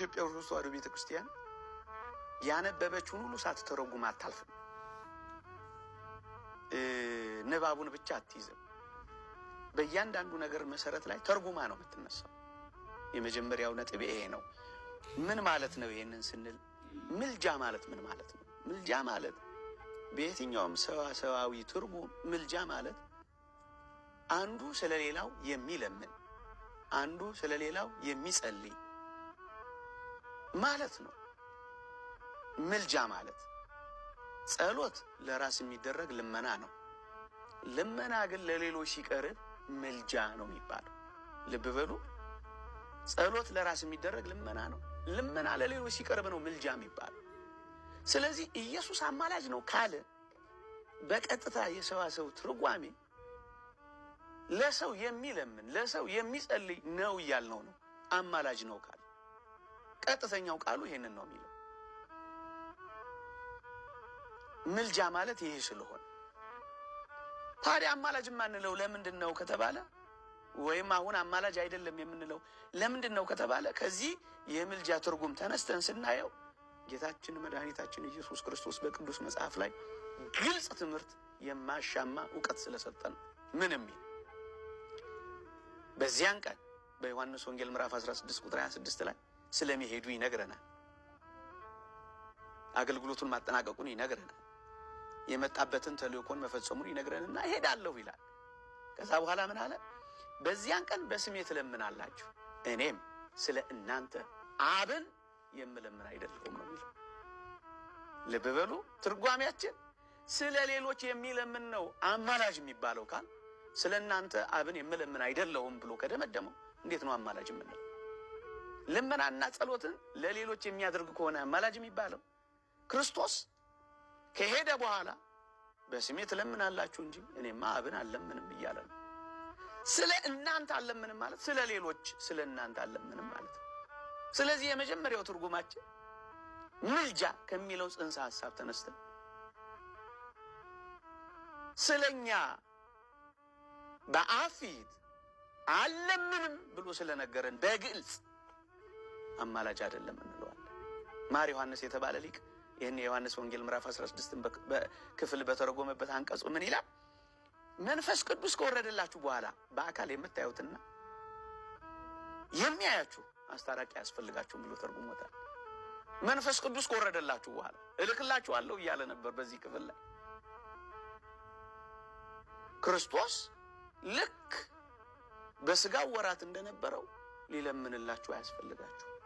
ኢትዮጵያ ኦርቶዶክስ ተዋሕዶ ቤተ ክርስቲያን ያነበበችውን ሁሉ ሳትተረጉም አታልፍም። ንባቡን ብቻ አትይዝም። በእያንዳንዱ ነገር መሰረት ላይ ተርጉማ ነው የምትነሳው። የመጀመሪያው ነጥብ ይሄ ነው። ምን ማለት ነው? ይሄንን ስንል ምልጃ ማለት ምን ማለት ነው? ምልጃ ማለት በየትኛውም ሰዋሰዋዊ ትርጉም ምልጃ ማለት አንዱ ስለሌላው የሚለምን አንዱ ስለሌላው የሚጸልይ ማለት ነው። ምልጃ ማለት ጸሎት ለራስ የሚደረግ ልመና ነው። ልመና ግን ለሌሎች ሲቀርብ ምልጃ ነው የሚባለው። ልብ በሉ። ጸሎት ለራስ የሚደረግ ልመና ነው። ልመና ለሌሎች ሲቀርብ ነው ምልጃ የሚባለው። ስለዚህ ኢየሱስ አማላጅ ነው ካለ በቀጥታ የሰዋሰው ትርጓሜ ለሰው የሚለምን ለሰው የሚጸልይ ነው እያልነው ነው። አማላጅ ነው ካለ ቀጥተኛው ቃሉ ይሄንን ነው የሚለው። ምልጃ ማለት ይሄ ስለሆነ ታዲያ አማላጅ የማንለው ለምንድን ነው ከተባለ ወይም አሁን አማላጅ አይደለም የምንለው ለምንድን ነው ከተባለ ከዚህ የምልጃ ትርጉም ተነስተን ስናየው ጌታችን መድኃኒታችን ኢየሱስ ክርስቶስ በቅዱስ መጽሐፍ ላይ ግልጽ ትምህርት የማሻማ እውቀት ስለሰጠን ምን የሚል በዚያን ቀን በዮሐንስ ወንጌል ምዕራፍ 16 ቁጥር 26 ላይ ስለሚሄዱ ይነግረናል። አገልግሎቱን ማጠናቀቁን ይነግረናል። የመጣበትን ተልእኮን መፈጸሙን ይነግረንና እሄዳለሁ ይላል። ከዛ በኋላ ምን አለ? በዚያን ቀን በስሜ ትለምናላችሁ፣ እኔም ስለ እናንተ አብን የምለምን አይደለሁም ነው የሚለው። ልብ በሉ። ትርጓሜያችን ስለ ሌሎች የሚለምን ነው አማላጅ የሚባለው ካል ስለ እናንተ አብን የምለምን አይደለሁም ብሎ ከደመደመው እንዴት ነው አማላጅ የምንለው? ልመናና ጸሎትን ለሌሎች የሚያደርግ ከሆነ መላጅ የሚባለው ክርስቶስ ከሄደ በኋላ በስሜ ትለምናላችሁ እንጂ እኔማ አብን አለምንም እያለ ነው። ስለ እናንተ አለምንም ማለት ስለ ሌሎች ስለ እናንተ አለምንም ማለት ነው። ስለዚህ የመጀመሪያው ትርጉማችን ምልጃ ከሚለው ጽንሰ ሀሳብ ተነስተን ስለኛ በአፊት አለምንም ብሎ ስለነገረን በግልጽ አማላጅ አይደለም እንለዋለን። ማር ዮሐንስ የተባለ ሊቅ ይህን የዮሐንስ ወንጌል ምዕራፍ 16ን ክፍል በተረጎመበት አንቀጹ ምን ይላል? መንፈስ ቅዱስ ከወረደላችሁ በኋላ በአካል የምታዩትና የሚያያችሁ አስታራቂ አያስፈልጋችሁም ብሎ ተርጉሞታል። መንፈስ ቅዱስ ከወረደላችሁ በኋላ እልክላችኋለሁ እያለ ነበር። በዚህ ክፍል ላይ ክርስቶስ ልክ በስጋው ወራት እንደነበረው ሊለምንላችሁ አያስፈልጋችሁ